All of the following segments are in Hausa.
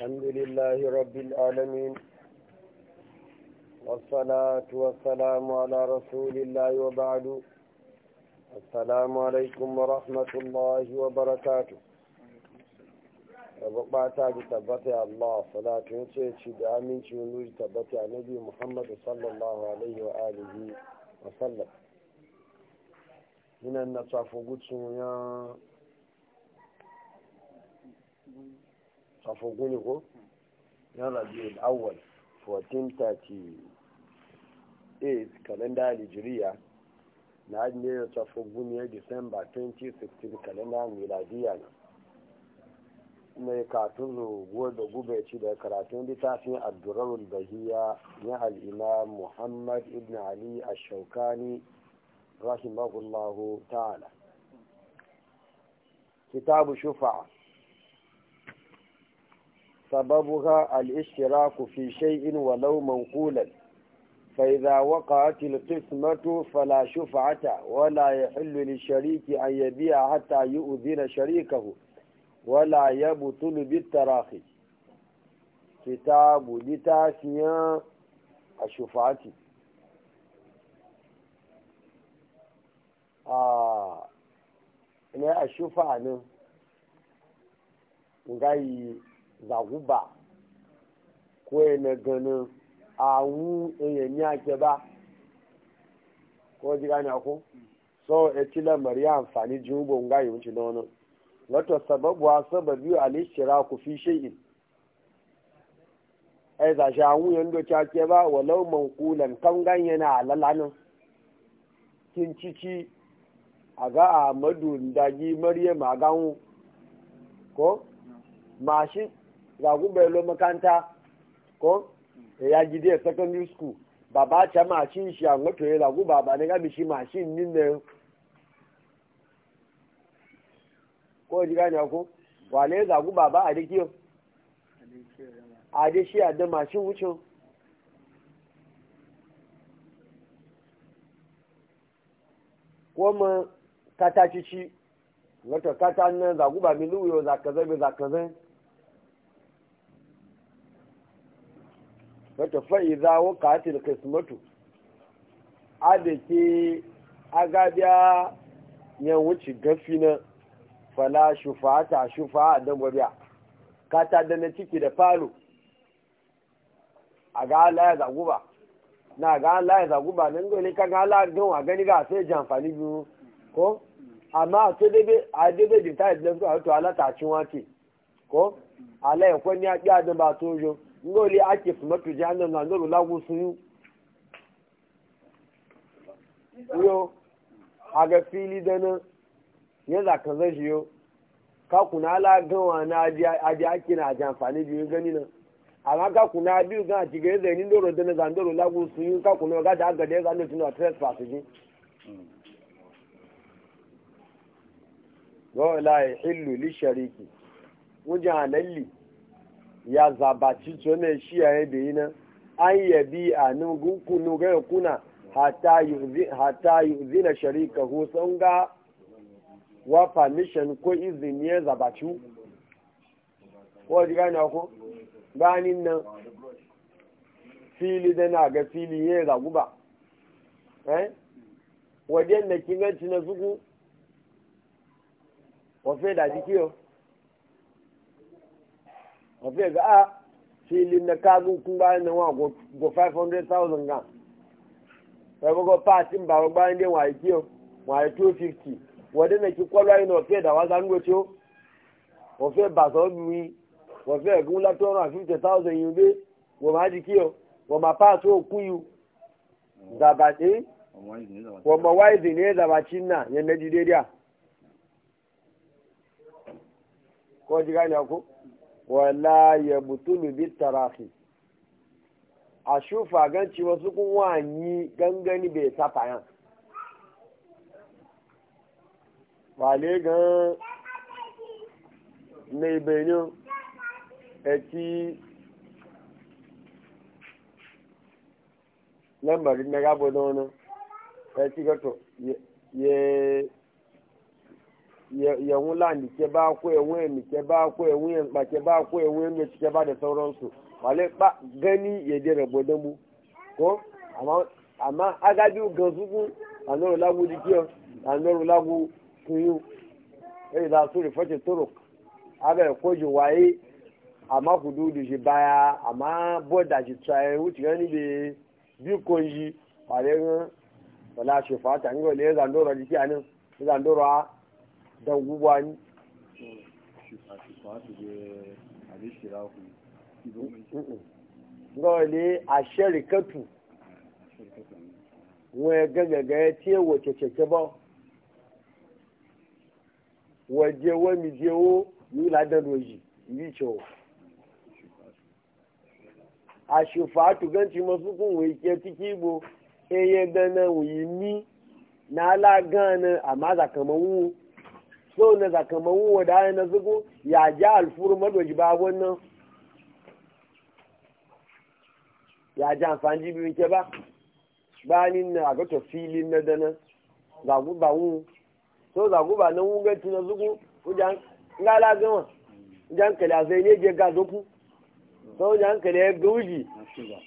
الحمد لله رب العالمين والصلاة والسلام على رسول الله وبعد السلام عليكم ورحمة الله وبركاته bata ji tabbata Allah salatu ya ce ci da aminci nuri tabbata a nabi Muhammadu sallallahu alaihi wa alihi wa ina na tsafo gutsun ya safo guni ko yana rabiul awal 1438 kalenda nigeria na ne da safo guni ya disamba 2016 kalenda miladiya na mai katun zuwa da gube ci da karatun littafin abdurrahul bahiya na al'ina muhammad ibn ali a shaukani rahimahullahu ta'ala kitabu shufa'a سببها الاشتراك في شيء ولو منقولا فإذا وقعت القسمة فلا شفعة ولا يحل للشريك أن يبيع حتى يؤذن شريكه ولا يبطل بالتراخي كتاب لتاسيا الشفعة آه. الشفعة نعم zaguba ko na gana awu eyan ya ke ba ko ji gane ko so e maria amfani jubo nga yi wuce na wani wato sababu wa sababi alishira ku fi shi'in ai za shi awu yando doce ke ba walau mankulan kan ganye na lalanin kin cici a ga ahmadu dagi maryam a ganwu ko mashin ga gube lo makanta ko ya gidi a secondary school baba ce mashin shi a ngoto ya lagu baba ne gami shi mashin nin ne ko ji gani ko wale ya zagu baba a dikiyo a dai shi a da mashin wuce kuma kata cici wato kata nan zagu ba mi yo zakazai bai zakazai wata fa'iza wa katil kismatu a da ke agabiya yan wuce gafi na fala shufata shufa dan gwabiya kata da na ciki da falo a ga Allah ya zaguba na ga Allah ya zaguba ba nan gole ka ga Allah a wa gani ga sai ji amfani biyu ko amma to dabe a dabe din ta da su a to Allah ta cin wace ko Allah ya kwani ya da ba tojo ngoli ake su matu jihannan na ngoro lagun sun yi yo a ga fili dana, nan ya zaka zai yo ka kuna ala gawa na aji ake na aji amfani biyu gani nan amma ka kuna biyu gan a cikin yadda ni ndoro da na zandoro lagun sun yi ka kuna ga da aga da ya zanen tunan trespass ji ga wala ya hillu li shariki wajen ya zabaci tsone shi ya yi da yi nan an yabi a nukunu ga kuna hata yi zina sharika ko sun ga wa permission ko izini ya zabaci ko ji gani ko gani nan fili da na ga fili ya zagu ba eh wajen da kinganci na zuku wafe da jikiyo mafi ga a filin na kagun kun bayan nan wa go 500,000 ga sai go patin ba bayan dai wa kiyo wa 250 wadanda ki kwalwa ina ofe da wa zango cho ofe ba so mi ofe egun la 250,000 yin be wo ma ji kiyo wo ma pass o kuyu da ba de wo ma wise ne da ba chinna yan na ji dai dia ko ji ga ni ko wala ya butulu bi tarahi a shufa ganci wasu kun wani gangani bai sata yan wale gan mai benin eti lambarin na gabo da wani eti gato ye yawun landi ke ba ko yawun yami ke ba ko yawun yamba ke ba ko yawun yami ke ba da sauransu wale ba gani ya je rabo da mu ko amma agadi ga zugu a noro lagu jikiyo a noro lagu kuyu ɗai za su rufe turo aga ya koji waye amma hududu shi baya ama boda shi tsaye wuce gani da bikon shi wale wala shi fata ngo le zandoro jiki anin zandoro a da wani gole a sharikatu wani gagaga ya ce wace cece ba waje wani jewo yi ladan roji yi cewa a shufatu ganci masu kun wai ke ciki bo eye gana wuyi ni na ala gana a maza kamar wu so na zaka mawu da ya na zugu ya ja alfuru madoji ba wannan ya ja amfani jibin ke ba ni na a gato filin na dana zagu ba wu so zagu ba na wugan na zugu wajen ngala gama wajen kala zai ne je ga zoku so wajen kala ya gauji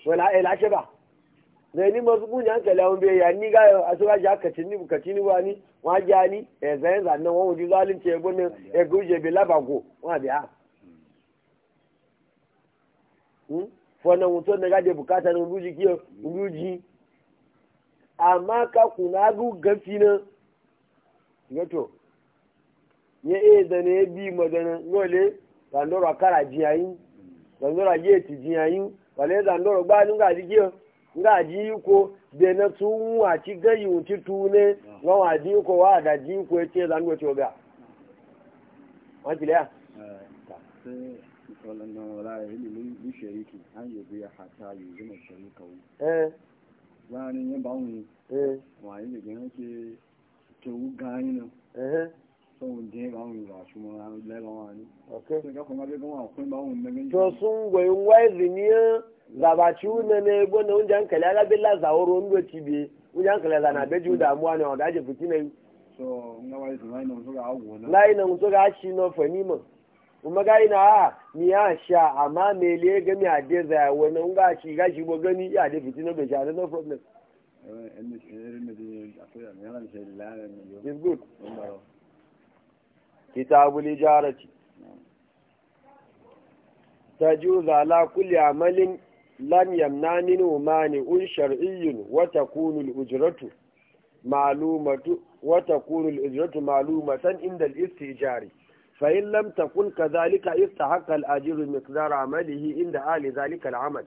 wala ce eh, ba da ni masu kun jan kala be ya ni ga a so ga ja ka ni ka tin wa wa ja ni e za za na won di zalim ce ne e go je be laba go wa biya hmm fo na to ga de bukata na ruji kiyo ruji amma ka kuna gu gafi na ye e da ne bi magana ngole zandoro akara jiyayin ti gba kiyo nga ji ko da na tun waci gayi wuci tune ga wa ji eh, e, ko eh. wa da ji ko ce da wannan eh. wala ilimin bishariki an yi eh okay gabaci wuna ne gwanda wunja hankali ala bela zaworo ndo cibe wunja hankali ala na mm. beji wuda amuwa ne wanda aje fiti na yi na layi na mutu ga shi na fanima kuma ga ina a ah, ni ya sha amma me le ga mi ade za wani un ga shi ga shi bo gani ya de fiti na be sha no problem eh, eh, is eh, good kitabul ijarati tajuza ala kulli amalin لم يمنعن مانع شرعي وتكون الأجرة معلومة وتكون الأجرة معلومة عند الاستئجار فإن لم تكن كذلك استحق الأجر مقدار عمله عند أهل ذلك العمل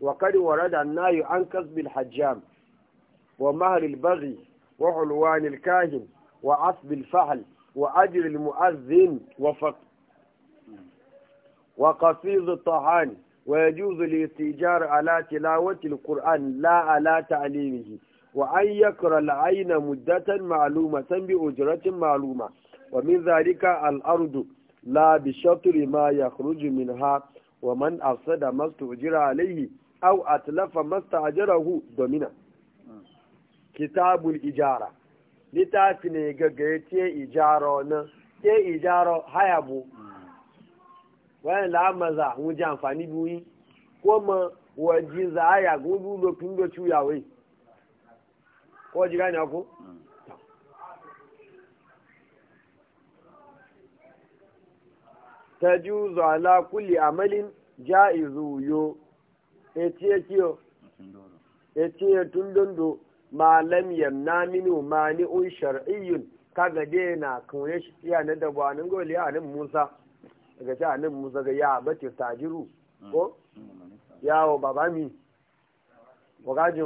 وقد ورد الناي عن كسب الحجام ومهر البغي وعلوان الكاهن وعصب الفحل وأجر المؤذن وفق وقصيد الطعان ويجوز الاتجار على تلاوة القرآن لا على تعليمه وأن يقرأ العين مدة معلومة بأجرة معلومة ومن ذلك الأرض لا بشطر ما يخرج منها ومن أصد ما استعجر عليه أو أتلف ما استعجره دمنا كتاب الإجارة لتعرف قيتي جيتي إجارة نيجا إجارة هيابو wani la'amaza wuji amfani buyi ko ma waji za a ya gudu lokacin da cuyawe ko ji gani ako ta juzo ala kulli amalin ja'izu yo etiye kiyo etiye tun dondo ma lam yamna minu mani'un shar'iyyun kaga na kan ya na dabanin goliya nan musa daga ci anin musa ga ya bace tajiru mm. ko mm. yawo baba mi wagaji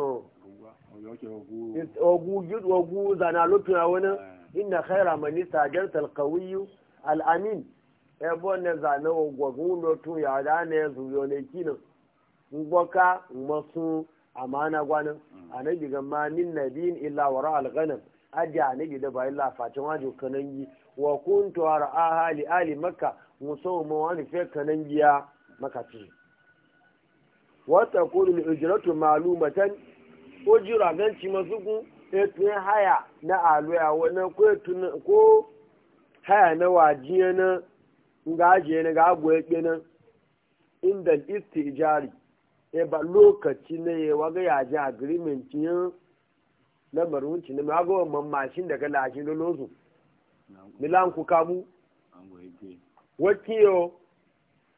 ogu zana lufin a wani eh. inna khaira mani tajar talkawiyu al'amin ebo ne zane ogwagun lotun ya da ne zuyo ne kinan ngboka masu amana gwanin mm. anabi ga ma min nabiyin illa wara alghanam aji anabi da ba illa facin wajo kanan yi wa kuntu ara ahali ali makka musamman wani fiye kanan giya makafi wata kudin ujiratu malumatan ujira ganci masu ku etun haya na aluya wani e ko haya na wajiya na ngaje na gago ya kenan inda istijari e ba lokaci ne ya waga ya ji agreement yin lamarin ci ne ma ga mammashin daga lashin lolozo milan ku kamu wakiyo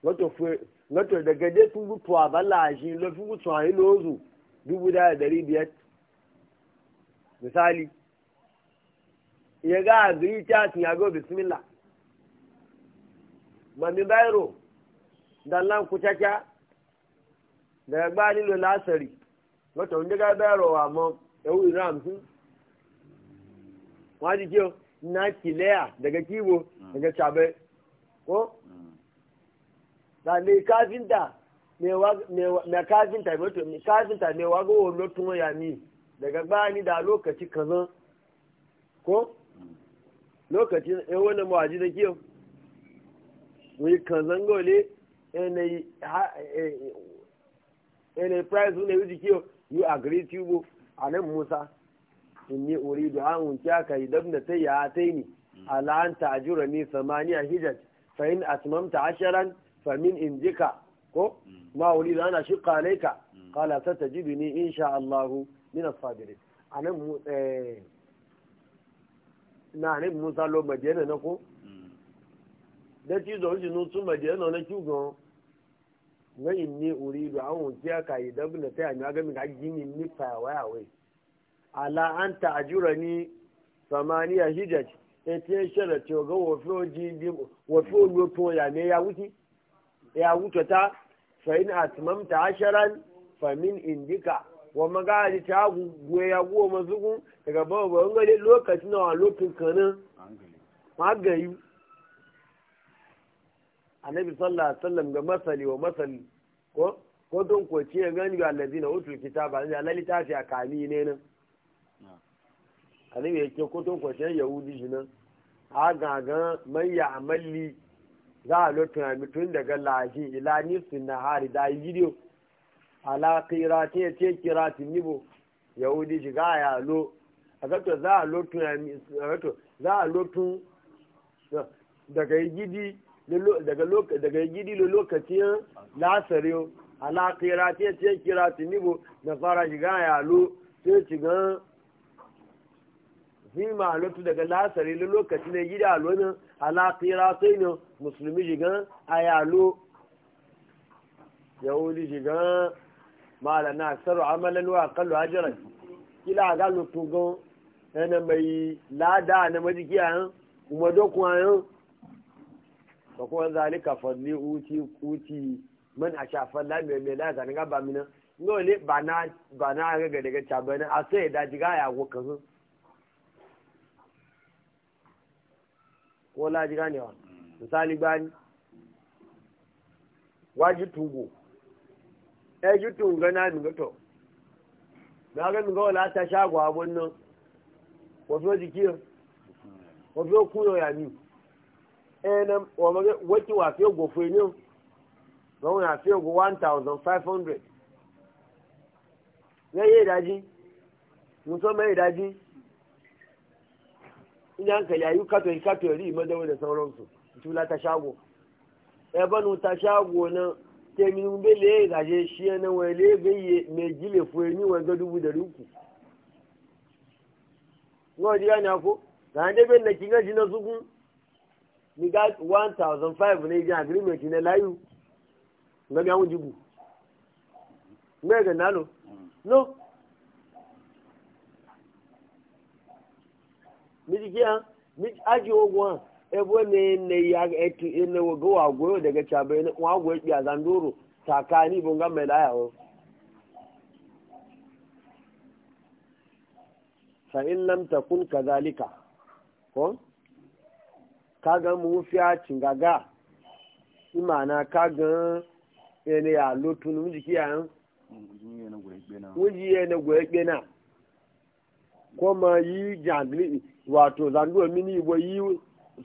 wato fe wato daga dai sun ba a shi lo sun gutu a ilozu dubu da dari biyar misali ya ga azuri ta tun ya go bismillah mi bayro caca da ya gba nilo lasari wato wanda ga bayro wa mo ewu iran sun wani kiyo na kilea daga kibo mm. daga chabe ko da mai kafinta mai kafinta mai to mai kafinta mai wago wolo tun ya ni daga bani da lokaci kazan ko lokaci ya eh, wani mawaji da kiyo wani kazan gole yanayi eh, eh, price wani wuce kiyo yi agree tubo a nan musa uri da an kya aka yi dabna sai ya ta yi ni mm. ala a ta'ajura ni samaniya hijaj fa in atmamta asharan fa min indika ko ma wuri da ana shi kalaika kala ta ta jibi ni insha Allah min asabiri anan mu na ne Musa lo Madina na ko da ci zo shi nun sun Madina na kyugo na inni uridu an wuciya ka idan na ta yana ga min gini ni fa waya wai ala anta ajurani samaniya hijaj ete sharati oga wofo jibi wofo loto ya ne ya wuce ya wuce ta fa in atmamta asharan fa min indika wa magadi ta gwe ya go mazugu daga bawa ba ngale lokacin na lokacin kanin magayu annabi sallallahu alaihi wasallam ga masali wa masali ko ko don ko ce gani ga allazina utul kitaba ne alali ta fi akami ne nan annabi yake ko to kwashe yahudi nan a gagan mai ya amalli za a lotuna mutum daga lahi ila nisin na hari da yi video ala kira ta ya ce kira tunibo yahudi shiga ya lo a zato za a lotun daga yi gidi daga gidi lo lokacin lasariyo ala kira ta ya ce kira tunibo na fara shiga ya lo sai shigan ni ma'alotu daga lasari na lokaci na gida lonin alaƙira sai ne musulmi shigan ayalo yahudi shigan na saru amalan wa kallo hajjaran kila ga lutugun yana mai lada na majikiya yan kuma dokuwa yan ba kuma zalika fadli uti uti man a shafan lamiyar mai lada na gaba mina ngole ba na ga daga cabana a sai da jiga ya gokan ko laji ganewa misali bani waji tungo e ji tungo na mi gato na ga mi ga wala ta shago abun nan ko so jiki ko so kuyo ya mi e na wa ma wati wa fe go fe ni ba wa fe go 1500 ne ye daji in hankali ayu kato kato yari madawa da sauransu tula ta shago ya ta shago na temin bele gaje shi na wale gaye mai gile fueni wanga dubu da ruku ngo diga na ko ga ne ben na kinga jina suku ni ga 1005 ne ga agreement ne layu ga ga wujibu me ga nalo mm. no miji kiya aji ogwa ebo ne ne ya etu ne wo go agwo daga chabe ne wa agwo ya zanduru takani bunga melaya o fa in lam takun kadhalika ko kaga mu fiya cingaga imana kaga ene ya lotun miji kiya wuji ye na gwe na kwa ma yi jangli wato zanduwa mini wa yi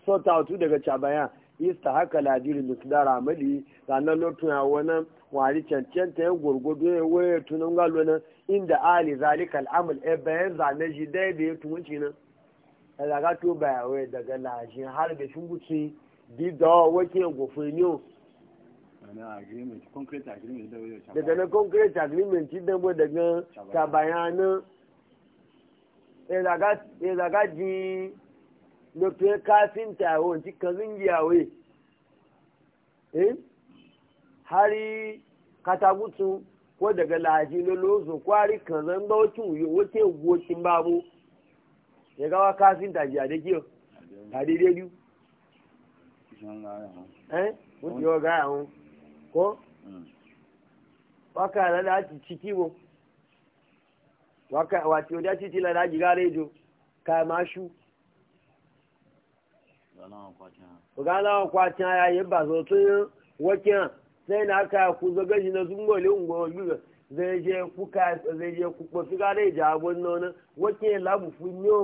sota tu daga cabaya ista haka ladiri dara amali sannan lotun ya wani wari ta ya gurgudu ya waye tunan galo nan inda ali zalikal al'amul e bayan zane shi dai da ya tumunci nan a zaga to baya waya daga lashin har da shi guci bidawa wake gofiniyo daga na concrete agreement daga cabayanan ya zaga ji lokacin ya kafin tawo ji kazin giyawe eh hari katagutu ko daga laji lolozo kwari kazan ba wacin wuyo wace gokin babu ya gawa kafin taji a dake tare da biyu eh wuce yau gaya hun ko mm. waka da ci ciki mu wàtí ọdá títí lára jìgá rédíò ká máa ṣú. ọ̀gá náà kọ́ àti ara yẹn bàtọ̀ tó yán wọ́kí hàn sẹ́yìn náà ká kú sọ́gbẹ́ jìnnà tó ń bọ̀ léwu gbọ́ ojú rẹ̀ zẹ́yẹ kú ká zẹ́yẹ kú pọ̀ sí ká rédíò àwọn náà ná wọ́kí hàn láàbù fún ní o.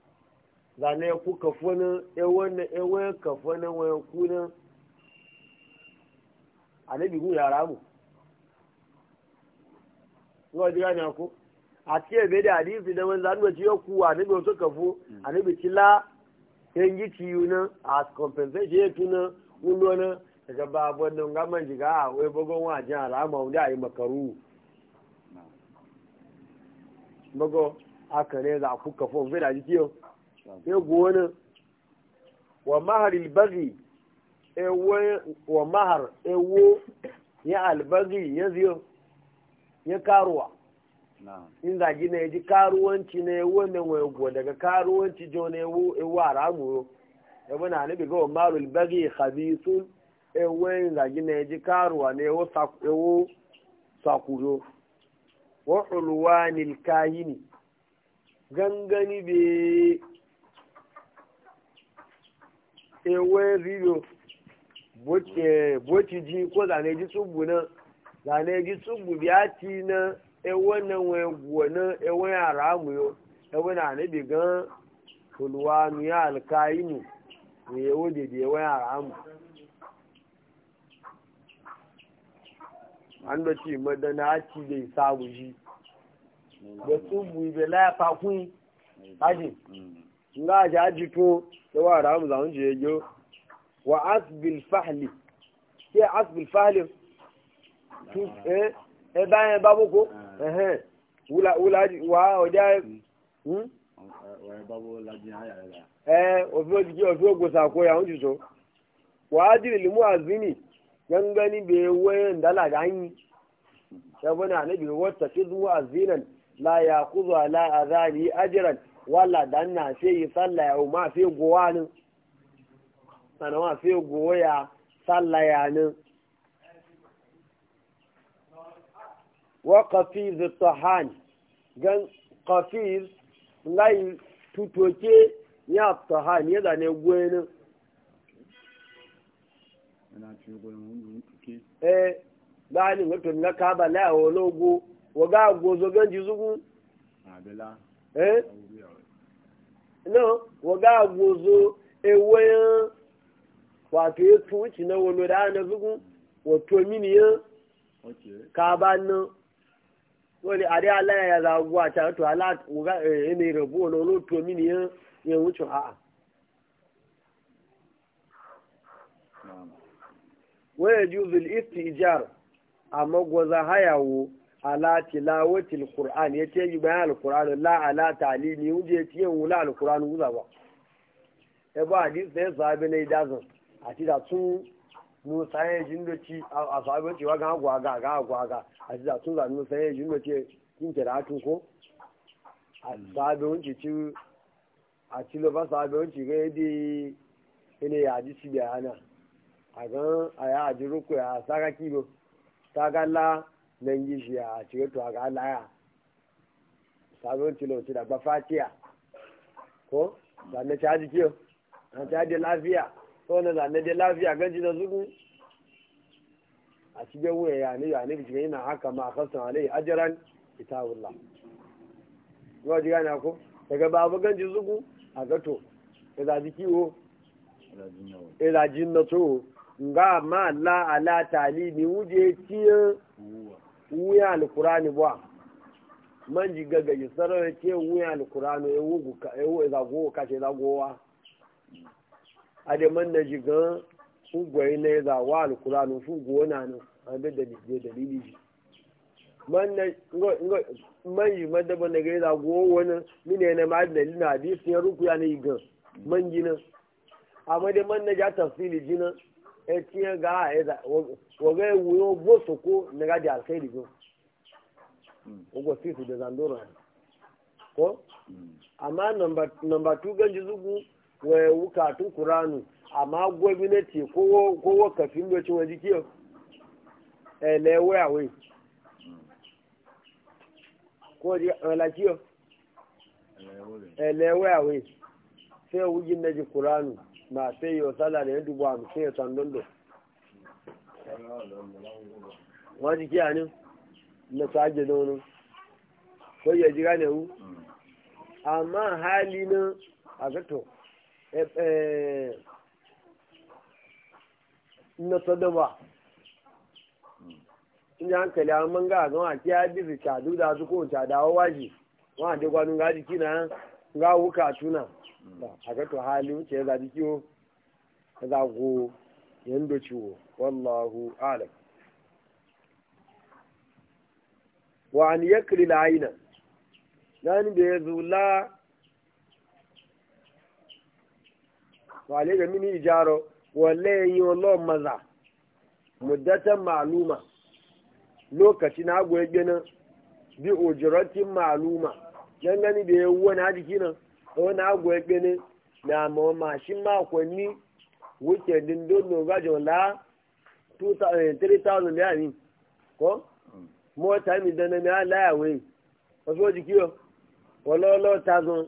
zane ya ku kafo nan ewon na ewon e kafo nan e wayan ku nan anabi gun yara mu ngo diga ne ko a ce be da hadisi da wanda zanu ci ku anabi a kafo mm. anabi kila yangi ci yuna as compensation ya tuna ulo na daga babu wannan ga man jiga a wai bagon wajen alama wanda ayi makaru bago aka ne za ku kafo be da jiki yau sai wa mahar ilbagi e wa mahar ewo ya albagi ya ziyo ya karuwa in zagi na ya ji karuwanci na ya wannan wa daga karuwanci jo na ewo a ramuro ya wani hannubi ga wa mahar ilbagi khabisun ewo in zagi na ya ji karuwa na ewo sakuro wa ulwanil kahini gangani bai ewe riyo boci ji ko zane ji tsubu na zane ji tsubu na ewe na nwe na ewe yara mu yo ewe na ne bi gan kulwa mu ya alkaimu ne ewe de de ewe yara mu an da ma madana a ci bai sabu ji da tsubu bai lafa kun nga ja jito da wa ramu za hunje wa asbil fahli ke asbil fahli eh e ba eh, eh, eh wa oja hm wa e hmm. hmm? babu la ji haya eh ofo ji ofo go sa ko wa adil lil muazini gangani be wayan dala ga yi sabana nabi wata kidu azinan la yaqudu ala adhani wala dan na fe yi sallah ya ma fe gowa nan sana ma fe gowa ya sallah ya nan wa qafiz tahan gan qafiz ngai tutoke ya tahan ya da ne gwenin eh bani mutum na kaba la wologo waga gozo ganji zugu eh náà wọ́n ewe àgbòzo ewé yẹn na ètò ìtìná wọn lọ́dà ànàzúgún wọ́n tó mí nìyẹn kàbá náà wọ́n lè adé aláyàyà làwọ̀ àtàtò aláwọ̀gá ẹni rẹ̀ bó lọ ló tó mí nìyẹn yẹn wọ́n ala tilawatil qur'an yace yi bayan alquran la ala talimi uje tiye wula alquran uza ba e ba hadis da sahabi ne dazan a ti da tun mu sai jin da ci a sahabi ci wa ga gwa ga ga gwa ga a ti da tun da mu sai jin da ci kin kira tun ko a sahabi un ci a ti lo ba sahabi un ci ga di ene ya ji si bayana a gan aya ajiruku ya saka kibo tagala nan yi shi a cikin to ga alaya, sabon tilauci da bafatiya ko zane caji kiyo an caji lafiya ko na zane da lafiya ganji na zuku a cikin wuya ya ne ya ne bi cikin yana haka ma kasan alai ajiran ita wula yau ji gane ko daga babu ganji zuku a gato ya zaji kiwo ya zaji na to nga ma la ala tali wuje kiyo wuya alkurani ba man ji gaggaji sarara ce wuya alkurani ya wugu ka ya wugu zago ka ce zagowa a da man na jigan ugwai na ya zawa alkurani su gona nan an bi da dalili ji man na man ji madaba na ga ya zago wani mine na ma dalili na ruku ya rukuya na igan man ji nan amma da man na ja tafsiri ji etinye ga eza woga ewuyo gbosoko nega di alkhairi go hmm. ogo sisi da zandoro ko hmm. amma number two ganji zugu wai wukatun kuranu amma gwamnati kowo kafin lokacin waje kiyo ele waya hmm. ko di ala kiyo ele waya wai sai wujin naji kuranu ma sai yau sala da ya dubu hamsin ya sandon da wani kiya ne na sage da wani ko ya jira ne hu amma hali na a gato eh, eh, na sadaba in ji hankali ha manga a zama kiya bizi cadu da su ko cada waje wa da gwanin gaji kina ga wuka tuna hakatu hali wuce ya zaɓi kiwo ya zago yadda ciwo wallahu alam wa an yakri la'ina nan da ya zula wale ne ga mini ijaro wale ya yi wallo maza muddatan ma'luma lokaci na goye gina bi ojiratin ma'luma dan gani da ya wani hadiki nan o na agwo ekpene na ma ma shi ma kwenni wuce din don no gajo la 3000 eh, ya ni ko mo ta mi dana mi ala ya we o so ji kiyo wala lo tazun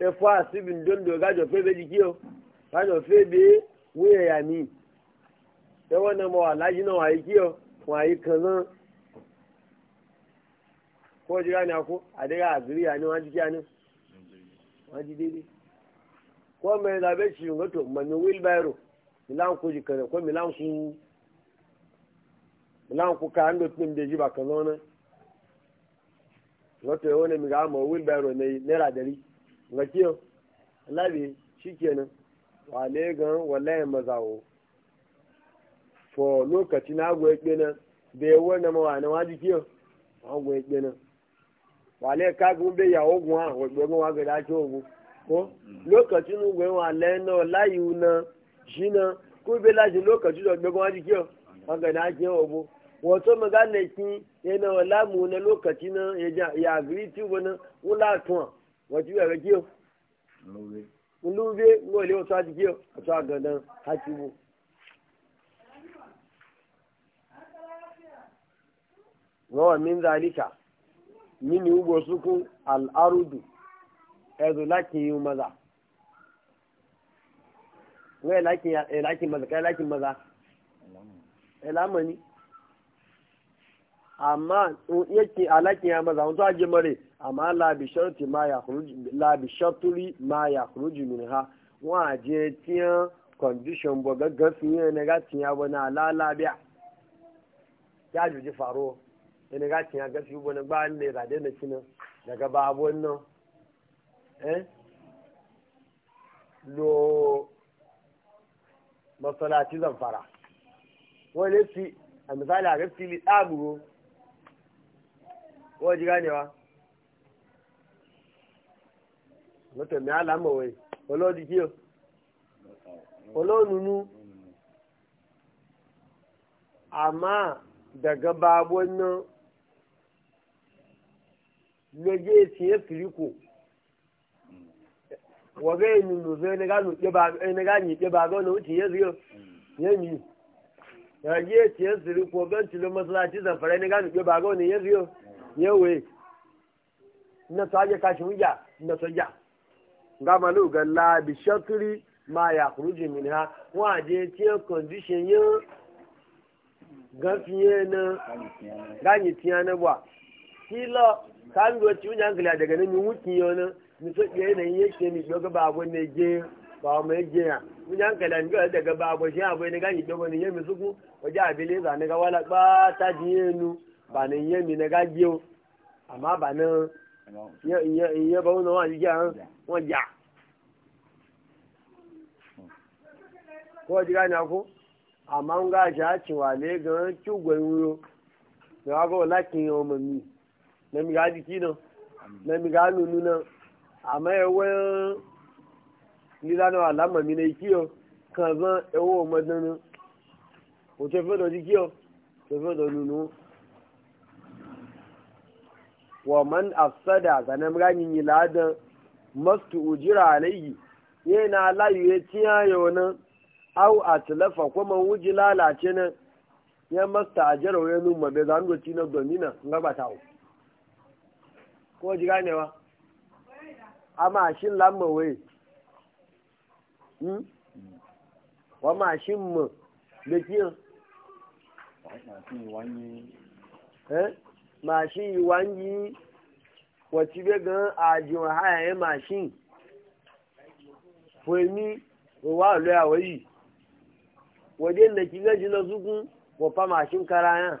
e fa si bin don do gajo fe be ji kiyo gajo fe ya ni e wona mo ala ji na wa yi kiyo wa yi kan na ko jira ni ako adega azuri ya ni wa ji kiyo wọ́n jí débi kọ́ mẹ́rin lábẹ́ ṣì ń gbọ́tò mọ̀mí wheelbarrow mi láwọn kó jù kẹ̀rẹ̀ kọ́ mi da mi shi kenan gan wallahi mazawo lokaci na kenan da na mawa na kiyo kenan wale kagun bai ya ogun a wajen wa ga dace ogun ko lokacin ogun wa láyé láti wa ti zalika mini ugbo suku al'arudu ezu lakin yi maza wai lakin e maza kai lakin maza elamani amma yake alakin ya maza wato aje mare amma labisharti ma ya kuruji labisharturi ha wa je tiyan condition bo gaggafi ne na gatin ya wani alalabiya ya juji faruwa. ina ga cin ga fi wani ba ne ga da na kina daga babon nan eh lo masalaci fara wani fi a misali a ga fili tsaguro ko ji ganewa mutum ya lama wai olodi kiyo olonunu amma daga babon nan lóye tiẹ̀ kiriko wọ́gẹ́ ìnùnú fún ẹnìkanì ìjọba àgọ́nà ó tiẹ̀ sí ọ yẹn mi lóye tiẹ̀ kiriko bẹ́ẹ̀ tí ló mọ́sálásí sàfẹ́rẹ́ ẹnìkanì ìjọba àgọ́nà yẹn sí ọ yẹn wẹ̀ nọ́tọ́ ajẹ́ kashimú jà nọ́tọ́ jà gama ló ga láàbì ṣọ́kiri máa yà kúrú jù mí ha wọ́n àjẹ́ tiẹ̀ kọ̀ndíṣẹ̀ yẹn gan fi na náà gáyìn tiẹ̀ na wà kí ka mi wacce wani hankali daga nan mi wuki yana mi so ɗaya na yi yake mi ɗoga ba abu ne je ba ma mai jiya wani hankali mi ɗoga daga ba abu shi abu ne gani ɗoga ne yami suku wajen abin za ne ga wala ba ta jiye nu ba ne yami na gajiyo amma ba nan ya ba wani wani jiya wani ja ko ji na ko amma n ga shi a cewa ne ga cigon wuro da wago lakin yawon mami na mi ga jiki nan na mi ga nunu nan amma ewe nila na alama mi na yi kiyo kan zan ewe o ma dan o te fe do jiki yo te fe do nunu wa man afsada zan mi ga nyinyi la dan mastu ujira alayhi yana layu ya tiya yau au a tilafa ko man wuji lalace nan ya masta ajiyar wani mabe zan gochi na domina ngaba ta ko ji ganewa a mashin lamma wai hmm? wa ma shin mu da kiyan eh? mashin yi wangi wacce bai gan ajiyar hayayen mashin fulmi wa aloya wayi wajen da ki gaji na zugun wafa mashin karana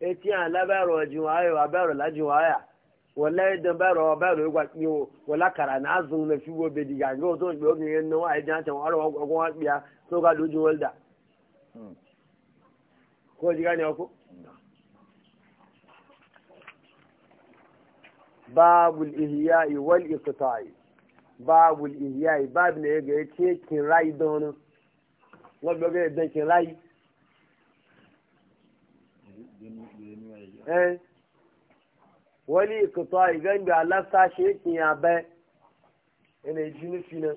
eti an labaro jiwayo abaro la jiwaya wala idan baro baro gwa kiwo wala karana azun na fiwo be diga ngo to gbe ogun yen no ai jan tan waro ogun wa biya so ga loju welda hmm. ko diga ne ko babul ihya'i wal iqta'i babul ihya'i bab ne ga ce kin rai don wọ́n gbọ́gbẹ́ ẹ̀dẹ́ kin rai Eh, wani ikutwa igan ga lafta shi yakin ya ina yana yi jini finan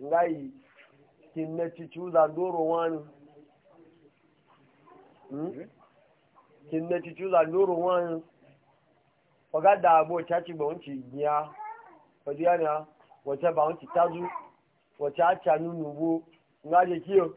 ngayi kin na ci cuza doro wani kin na ci cuza doro wani waga da abu wacce ci ba wanci biya wadda yana wacce ba wanci tazu wacce nunu wo nubu ngaje kiyo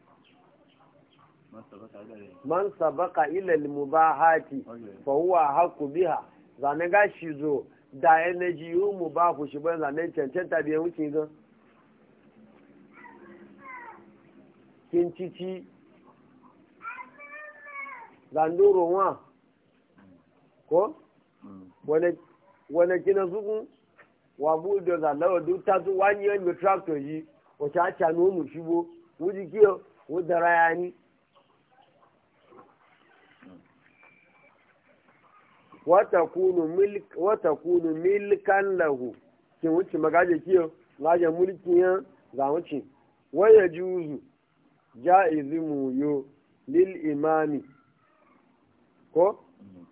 man sabaka ila mubahati fa huwa haku biha zane gashi zo da energy yu mubahu shi ban zane cancanta biyan wuce gan kin cici zanduro wa ko wane kina zugun wa za zalawa duk ta su wani yan tractor yi wacce a canu mu shigo wuji kiyo wudara ya ni wata kunu milkan lahu ki wuce magaje kiyo magaje mulkin ya za wuce waya juzu ja'izi yo lil imami ko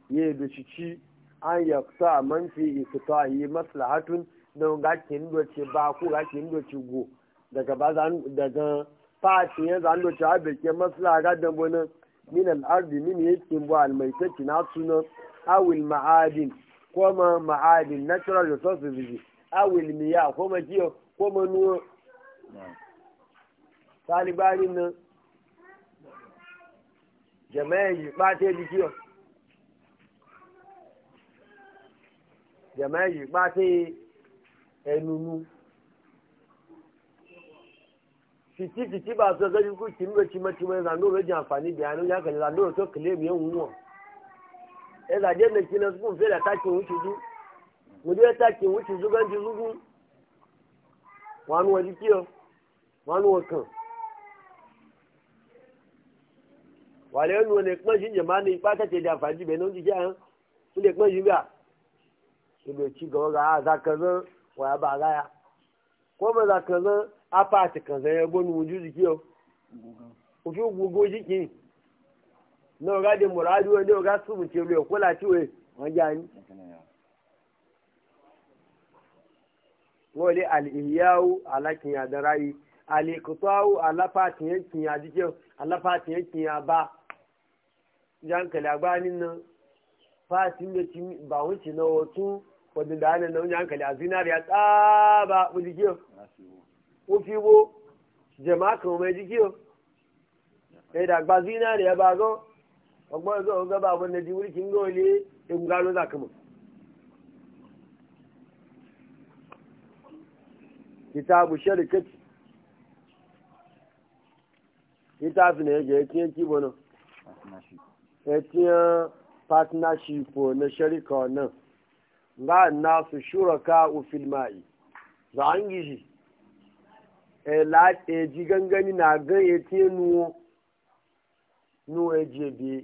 ye da cici an ya yaksa man fi ikitahi maslahatun don ga kin ce ba ko ga kin ci go daga ba zan daga fati ya zan doce abeke maslaha ga dan bonan min al ardi min yake bo al maitati na sunan awil ma'adin ko ma ma'adin natural resources ji awil miya ko ma kiyo ko ma nuwo talibanin nan jama'a yi ɓata ji kiyo jama'a yi ɓata enunu. fiti fiti ba sọ sọ́jú kú tìǹbẹ̀ tìmọ̀tìmọ̀ ìlànà òwe jẹ́ àǹfààní ìbí àánú yá kẹ̀lẹ́ ìlànà òwe tó kẹ̀lẹ́ ìbí ẹ̀hún wọn. ẹgbà dé mẹsì náà sùkúù fẹlẹ táàkì ń tìjú mo dé táàkì ń tìjú gan ti rúgú wọn nu ọdí kí ọ wọn nu ọkàn wà lẹ́yìn nu ọ̀nà ìpọ́njú ìjọba ní ipá tẹ̀tẹ̀ dà fàájì bẹ́ẹ̀ ní ó ti jẹ́ àwọn ó lè pọ́njú bíà ìlú ìtì gan ra àzá kan lọ wà Aza bá ara yà kó mọ̀ ra kan lọ apá àti kan lọ gbogbo ojú kìí. na oga di muradu wani oga su mu ce mai kula ci we wani jani wani al'iyyawu alakin ya darayi alikutawu alafatin yankin ya dike alafatin yankin ya ba yankali agbanin nan fatin da ci ba wuce na wasu wadda da hannun na wani yankali a zinari ya tsaba bu dike ofi bo jama'a kan mai dike ya da agba zinari ya ba ọgbọ́n ẹgbẹ́ ọgbẹ́ bá wọn ẹdí wírí kí n gbọ́ ilé egungun aló kitabu sharikati kitabu ne ga yakin kibo nan yakin partnership na shirika wannan ga nasu shuraka ufil ma'i za an yi shi e ji gangani na gan yakin nuwo nuwo ya biye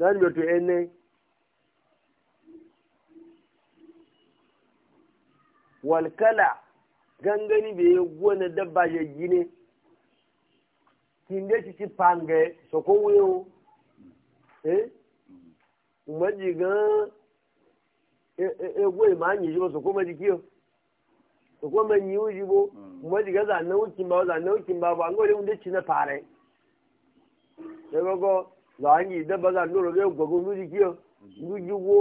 láti ene ẹnẹ́ walkala gangani bai yi gona dabba ya gine kinde ci ci pange ko wuyo eh umaji e e, e ma anyi jibo ma maji kiyo ko ma nyi za bo mm. umaji gan zanen za ba zanen wukin ba ba ngore unde ci na ne go zanyi daba za nuru ga gogo nuji kiyo nuji wo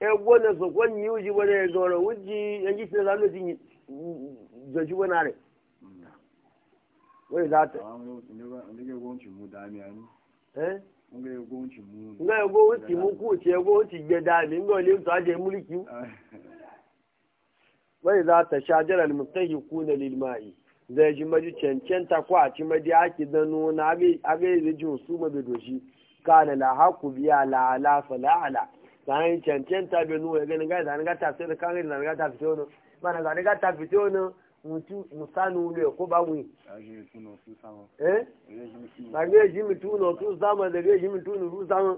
e wona so ko ni uji wona e goro uji e ji se zanu ji jo ji wona re wai za ta ne go nchi mu da mi ani eh nga go nchi mu nga go nchi mu ku che go nchi gbe da mi ngo le to aje muliki wai za ta shajara al mustahiquna lil ma'i zai ji maji cancanta ko a ci maji ake da nuna agai da jin su mabe doshi kana la haku biya la ala ta ala cancan ta bi nuna ganin ga zan ga tafi da kan zan ga tafi tono mana zan ga tafi tono mutu musanu le ko ba mu eh? a ga yi mutu na su sama ga yi mutu na su sama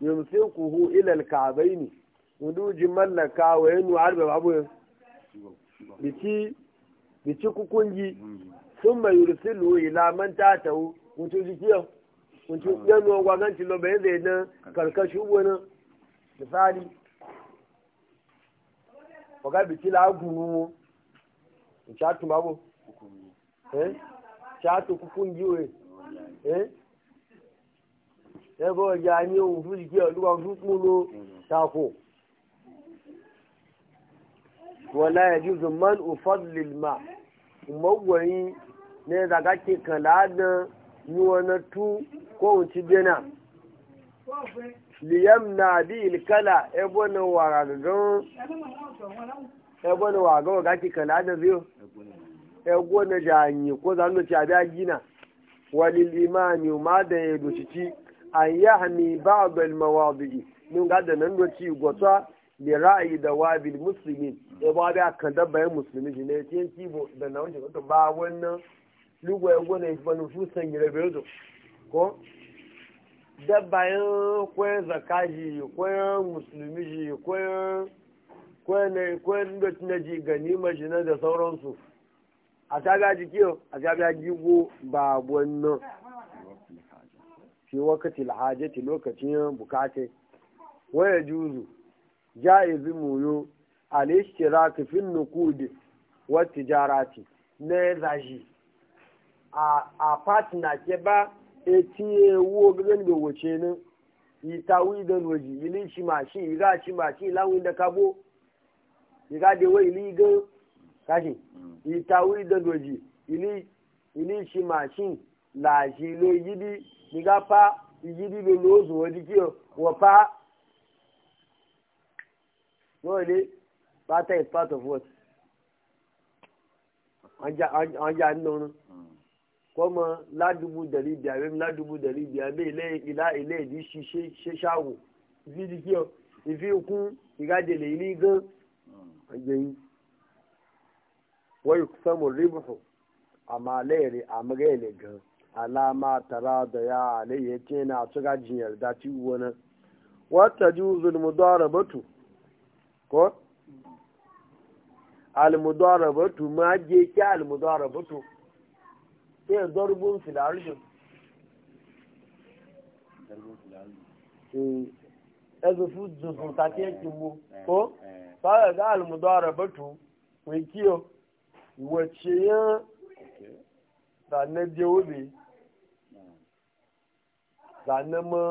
yumsikuhu ila ne mudu ji mallaka wa nuwa harbe babu biki ci kukunji sun mai yursilu ila man ta tawo mutu jikiya mutu yanu gwaganci lo bai zai na karkashin wani misali waga bici la gunu mu in sha tu babu eh sha tu kukungi we eh ẹgbẹ́ ọjà ní ohun fún ìgbé ọlúwa fún kúrò tako wọ́n láyé jùzùmán òfàdìlìmá magwari ne zaga ke kala da yi wani tu ko wuce bena liyam na bi ilkala ebo na waragagan ebo na waragagan ga ke kala da biyu ego na janyi ko za zanu ci abi gina wani limani ma da ya docici an yahmi ba'd al mawadi nun ga da nan doci gwata da ra'ayi da wabil muslimin ya ba da kan dabbayin musulmi shi ne tiyan kibo da na wancan kwato ba wannan lugu ya gwana ba nufu san gida bai zo ko dabbayin kwayan zaka shi kwayan musulmi shi kwayan kwayan da na ji ganima shi na da sauransu a ta gaji kiyo a ta gaji go ba wannan fi wakati alhajati lokacin bukatai waya juzu ja'izi muyo al-ishtirak fi nukud wa tijarati ne zaji a a ke ba eti ewo gbe ni woche ni itawi da loji ili shi ma shi iga shi ma shi lawin da kabo iga de we ili gan kashi itawi da loji ili ili shi ma shi la shi lo yidi iga pa yidi lo lo zo wadi kiyo wa pa no ile Bata is part of what? An ja nínú. Kọ́mọ ládùúgbò dẹ̀rí ìdí àrẹ́m ládùúgbò dẹ̀rí ìdí àbẹ́ ilé ìdí ṣíṣàwò. Ìfi di ọ, ìfi kún ilé gan. Ọjọ́ hmm. yìí. Wọ́n yìí sọ́mọ amale Àmà lẹ́ẹ̀rẹ̀ àmúrẹ́ẹ̀lẹ̀ gan. Alama tara da ya alayya kena a tsuga jiyar da ci wani. Wata juzul mudarabatu. Ko? almudarabatu ma je ki almudarabatu sai darbun fil arshi ẹgbẹ́ fún zùzùn tàbí ẹ̀kì mú kó báyọ̀ dá almudarabatu bẹ́tù wọ́n kí o ìwọ̀ ṣe yán zànẹ́dẹ́ òbí zànẹ́mọ́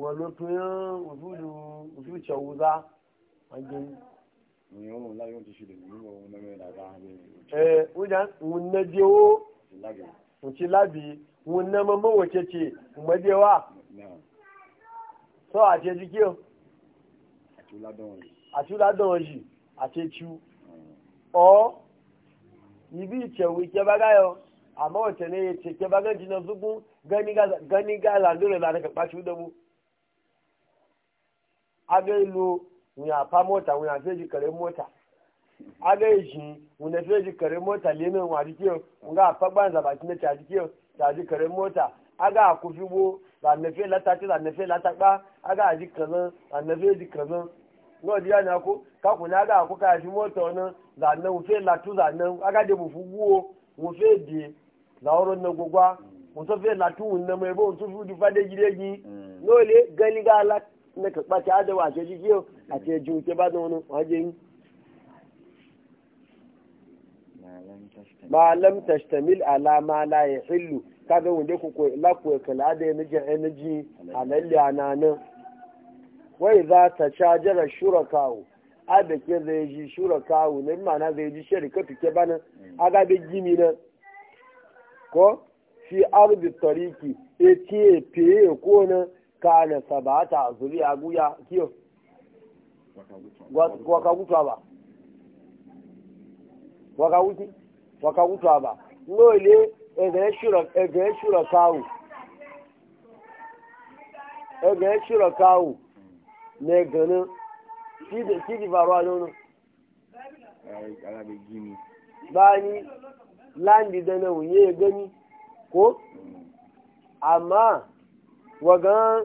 wọn ló tún yán òfúrú wọ́n jẹ́ Eh, labi, wunna mamman wace ce, majewa. So a ce jike A ci ladon waji, a ce ciwu. Hmm. O, ibi ce wike bagayo, amma wace ne ya ce ke bagan jinan zubun gani ga landore da da mu. ilo wuya fa mota wuya sai ji kare mota aga shi wuna sai ji kare mota lemin wa jike nga fa ban za baki na ta jike ta ji kare mota aga ku fi bo da na fe lata ti da na fe lata ba aga ji kazan da na fe ji kazan no di ana ko ka ku na aga ku ka shi mota wani da na u latu da na aga de bu fu wo wo di la oro na gogwa mo so latu na me bo so fu di fa de ji de mm. no le gani ga la na ka kpa ta da wa ji yo ake juke ba da wani dán wọn wọn jẹ yín. ala ma la yahillu kaga wanda ku ko la ku kala da energy za a anana wa idza tashajara shuraka'u da ke zai ji shuraka'u ne mana zai ji sharikatu ke bana aga be gini na ko fi ardi tariki eti pe ko na na sabata a guya kiyo wakagutwa ba wakaguti wakagutwa ba ngole egere shura kawu egere shura kawu na egere sidi faruwa nono bani landi da na wuye ko amma wagan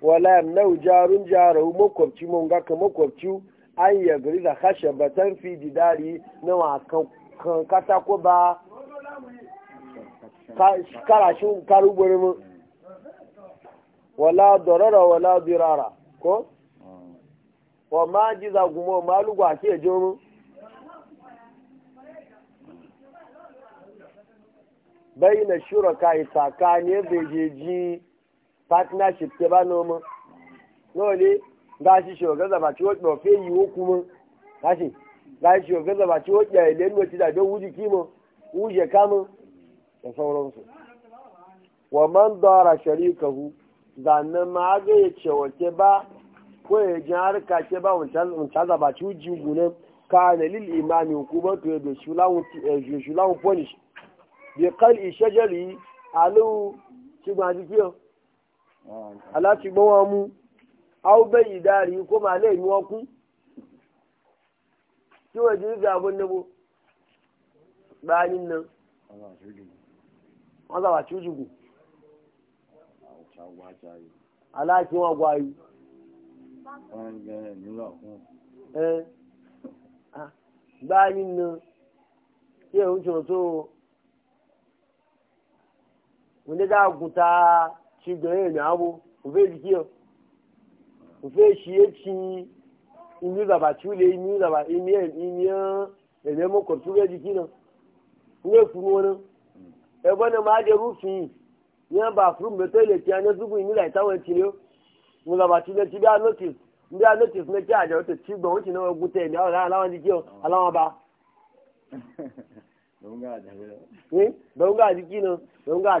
wala nau jarun jarau makwabci mun ga ka makwabci an ya gari da kashe batan fi jidari na wakan ko ba karashin karuburi mu wala dorara wala dirara ko wa ma ji gumo ma lugu a ke jomu bai na shuraka tsakanin bejeji partnership ke ba noma lole ga shi shoga zaba ci wani ofe yi woku mun ga shi ga shi shoga zaba ci wani ya ile nwaci da don wuji kimo wuje kamun da sauransu wa man dara sharikahu zanen ma ga ya ce wace ba ko ya ji harka ce ba wancan zaba ci wuji gunan ka na lil imami hukumar to ya da shulawun eh, punish bi kal ishajari alu ci ma jikiyo aláti gbọ́ wọn mú áwùbẹ́ yìí dárí kó máa lé ìmú ọkú tí wọ́n ti ń fi àbọ̀ níbo bá a yín náà wọ́n sàwà tí ó jùgù aláti wọn gba yìí. bá a yín náà tí ẹ̀ ń sọ̀rọ̀ tó wọ́n dé dáa gùn táa. shi gane ne abu ufe jiki ufe shi ya ci inu zaba cule inu zaba iniyan iniyan da ne makon tuga jiki nan ne funu wani mm. ebe na ma da rufin yan ba furu mai tole kiya na zubu inu da ita wani cile mu zaba cule ci biya notice biya notice na kiya da ci gbọn wuce na wani gute oh. a wani alawan jiki ba don eh? ga adabe nan don ga jiki nan don ga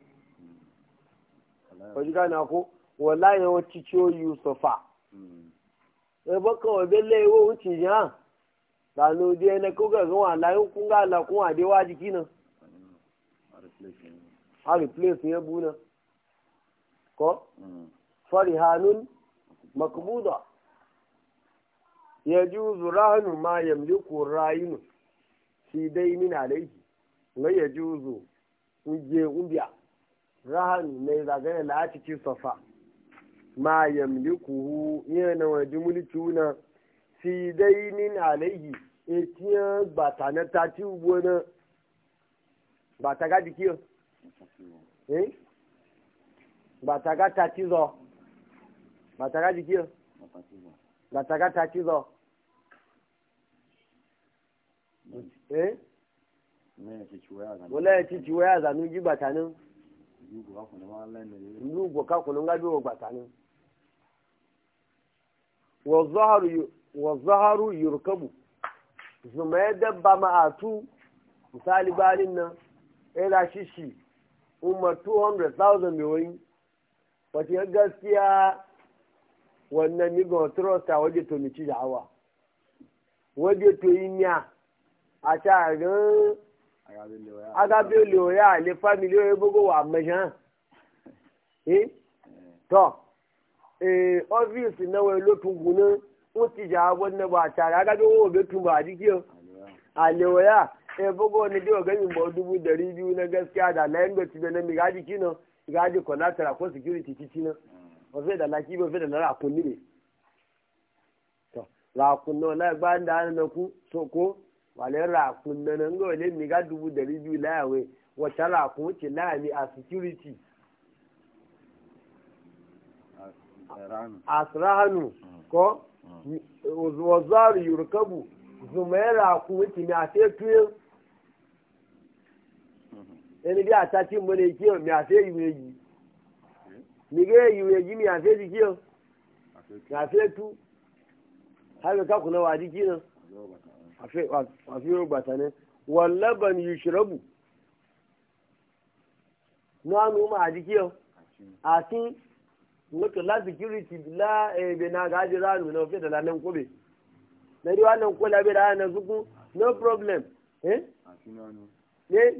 wajen na ko wala ya wacce ciwo yusufa ya baka wa bele wo wuce ya tsano dai na kuka ga wala yin kun ala kun ade wa jiki na hmm. a replace ya na ko hmm. farihanun makbuda ya juzu ranu ma yamliku rayinu si dai min alaihi ga ya juzu uje ubiya rahani mai zagaya la'acici safa ma yamlikuhu yana waje mulki wuna fi dainin alaihi etiyan ba ta na ta ci ba ta ga jiki eh ba ta ga ta ci zo ba ta ga jiki ba ta ga ta ci zo eh wala ya ci zanu ji ba ta nan yugo kakunu nga biwo gbatani wa zaharu yurkabu zuma ya dabba ma'atu misali balin nan era shishi umar 200,000 mai wani wata gaskiya wannan migon trosta waje to mici da hawa waje to yi niya a ta agabe olè ya àlè fámìlì oyè gbogbo wà mẹsàn án tọ ọfíìsì náà wọ ló tún gùn náà wọn ti jà abọ ní ẹbọ àtàrà agabe wọn ò tún bọ àdìgí o àlè ya e, ga yin bo dubu na gaskiya na mi gaji kino gaji ko security kici na ba sai da la kunno la gba wàlẹ́ ràkùn nana ń gbọ́ mi ká dubu dẹ̀rí ju láàwé wọ́n ṣá ràkùn ti láàmì àsìkírìtì. àsìránù kọ́ wọ́zọ́rù yorùkẹ́bù zùmẹ́ ràkùn ti ní àfẹ́túwé. ẹni bí àtàtì mọ́lẹ̀ kí ọ mi àfẹ́ ìwé yìí nìgẹ́ ìwé yìí mi àfẹ́ ti mi àfẹ́ tú. hálùkà kùnà wà á di kí náà. a fiye bata ne wallaban yushrabu na noma a jiki yau a ti mutu la security la ebe eh, na gaji ranu na ofe da lanan kobe na riwa nan kola bai da na zuku no problem eh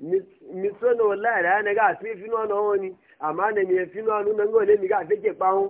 ne mitsono wallahi da na ga fi finu wani amma na mi finu wani nan gole mi ga fike kpahun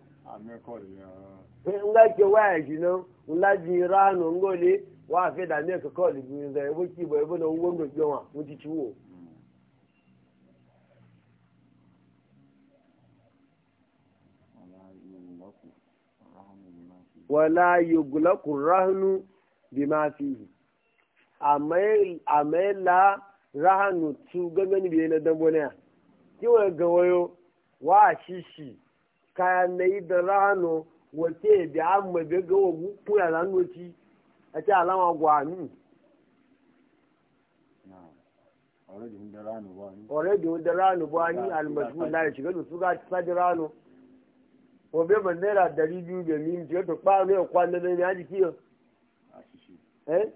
nga ke waya shi nan wula ji rano wa fe da ne ka kawai biyu zai yabo ki na ungon da yawa mutu wala yuglaku rahnu bima fihi amma la rahnu tu gangan biye na dambona kiwa gawayo wa shishi kayan na yi da rano wace bi an mabe ga kuna alama gwanu ọrịa da rano ba na ya shiga su ga sadi rano ko bai ban naira dari biyu da min jiya to kpa ya ji eh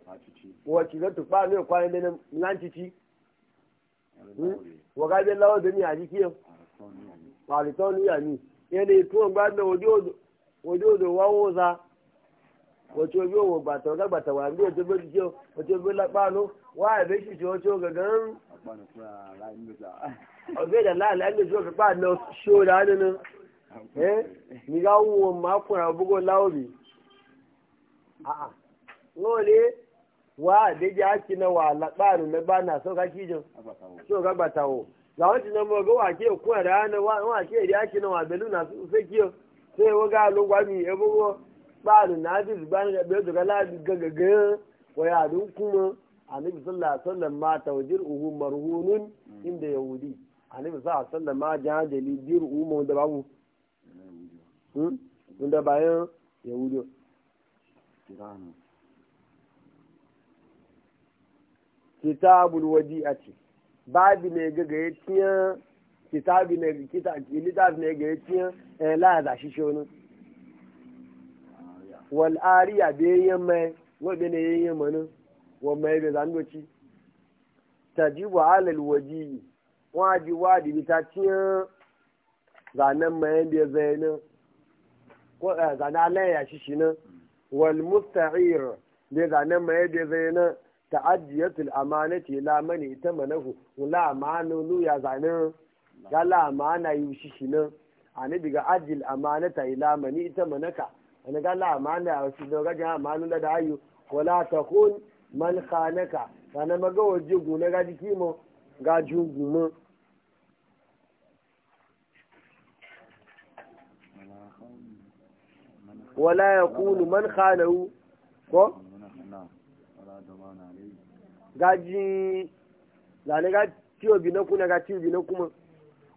wace hmm? ga to wa lawa da ya ji ya yẹn lè tún ọgbà náà ojú odò wá wó za wọ́tí ojú òwò gbàtà ọ̀gá gbàtà wà ní ọjọ́ bó jíjọ́ ọtí ojú lápáàlú wá ẹ̀fẹ́ ṣìṣẹ́ ọtí ó gàngán. ọ̀gbẹ́ ìdá láàlú ẹgbẹ́ ìṣòro pípa àná ṣóra nínú ẹ nígbà wù wọn máa kúnra ọgbọ́gbọ́ láwùmí. wọ́n lé wá àdéjà ti náà wà lápáàlú mẹ́gbàá náà sọ́ka kíjọ sọ́ka gbàtà ga wani nan mawa gawa ke kuwa da yana wa ke da yake na wabilu na su sai kiyo sai wa ga logwa mi ya bugo ba da na bi zuba ne da daga labi gagaga wa ya dun kuma annabi sallallahu alaihi wasallam ma tawjir uhu marhunun inda yahudi a annabi sallallahu alaihi wasallam ma jahadali bir umu da babu hmm da bayan yahudi kitabul wadi'ati babi ne gaga ya tiya kitabi ne kita litafi ne ga ya tiya eh la da shi shonu wal ari be yin mai wa be ne yin manu wa mai be zan doci tajibu alal waji waji wadi bi ta tiya zanan mai be zainin ko eh, zanan ya shi shi nan wal musta'ir be zanan mai be na. al amanati la mani ita manahu la amanu lu ya zanin ga la amana yi shi shi nan ajil amanata ila mani ita manaka ana ga la amana ya shi ga ga amanu da ayu wala takun man khanaka kana maga waje gune ga dikimo ga jugumo wala yakunu man khanahu ko gaji zane ga ciwo bi na kuna ga ciwo bi na kuma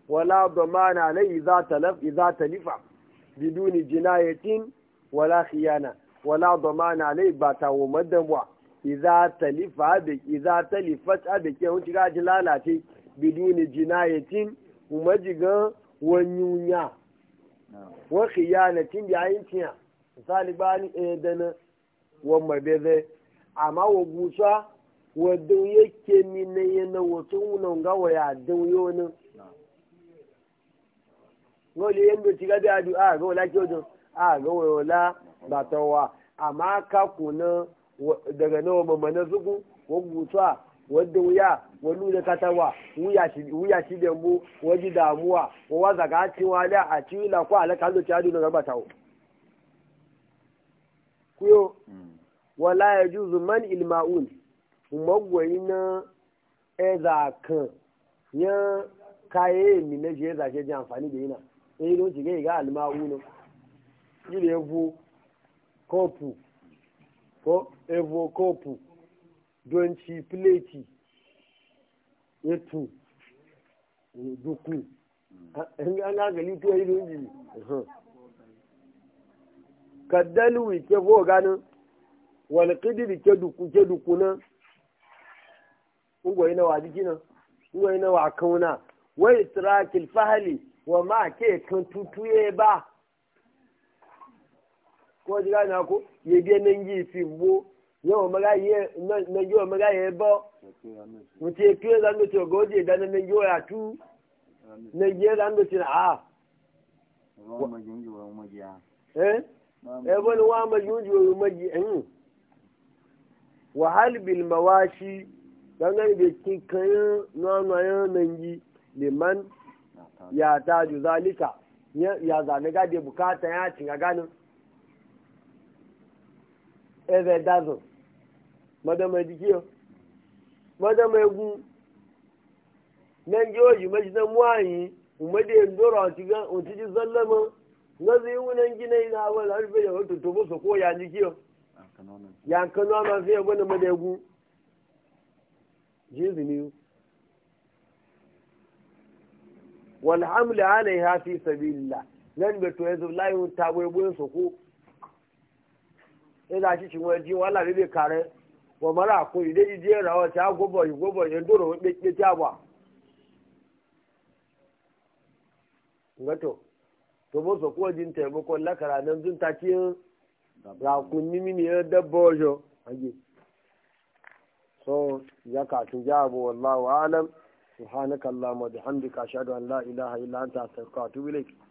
wala domana na lai talaf iza talifa biduni jinayatin wala khiyana wala domana lai ba ta wo madabwa iza talifa da iza ta da ke hunci ga ji lalace biduni jinayatin umajiga wanyunya wa tin bi ayin tiya misali bani edana eh, wa mabeze amma wa busa wa dun yake ni na yana wato wunan ga wa ya dun da adu a ga wala kyojo a ga wala amma ka kuna daga nawa zugu wa busa wadda wuya wani da katawa wuya shi da mu waji damuwa wa a ciwila ko alaka hanzo ci adu na gaba kuyo hmm. wala ya juzu man ilma'un magwai na eza kan ya kaye mi na shi za je amfani da yana eh don shi ci ga alma'un ile evo kopu ko evo kopu don ci plate etu duku an ga gali to e yi don ji kaddalu ke bo ganin wani ƙididi ke duku ke duku nan ungwai kauna wai tsirakil fahali wa ma ke kan tutuye ba ko ji gani ko ye biye nan yi fi bo yau nan yi maga ye bo mutu zan gace goje da nan yi ya tu nan yi zan gace na a ebe ni wa wa wa halbil mawashi dangane da kikayen nwanwayen nan yi liman ya ta zalika ya zane gade bukata ya cin a ganin eze dazin madama jikiyo madama egwu nan ji oji majidan muwayi umade ndoro a cikin zallama ngazi yi wunan gina yi na awon harfe da wato tobo so ko ya jikiyo yankan nonon zai wani madegu jizini wal hamli alaiha fi sabilillah nan be to yanzu layu ta boye boye so ko ila shi shi waje wala be kare wa mara ko ide je rawa ta gobo gobo enduro be be ta ba ngato to bo so ko jin taimako lakara nan zun ta ciyin rakun nimi ne ya dabba wajo hage so ya kafin ya abu wallahu alam subhanakallahumma bihamdika ashhadu an la ilaha illa anta astaghfiruka wa atubu ilayk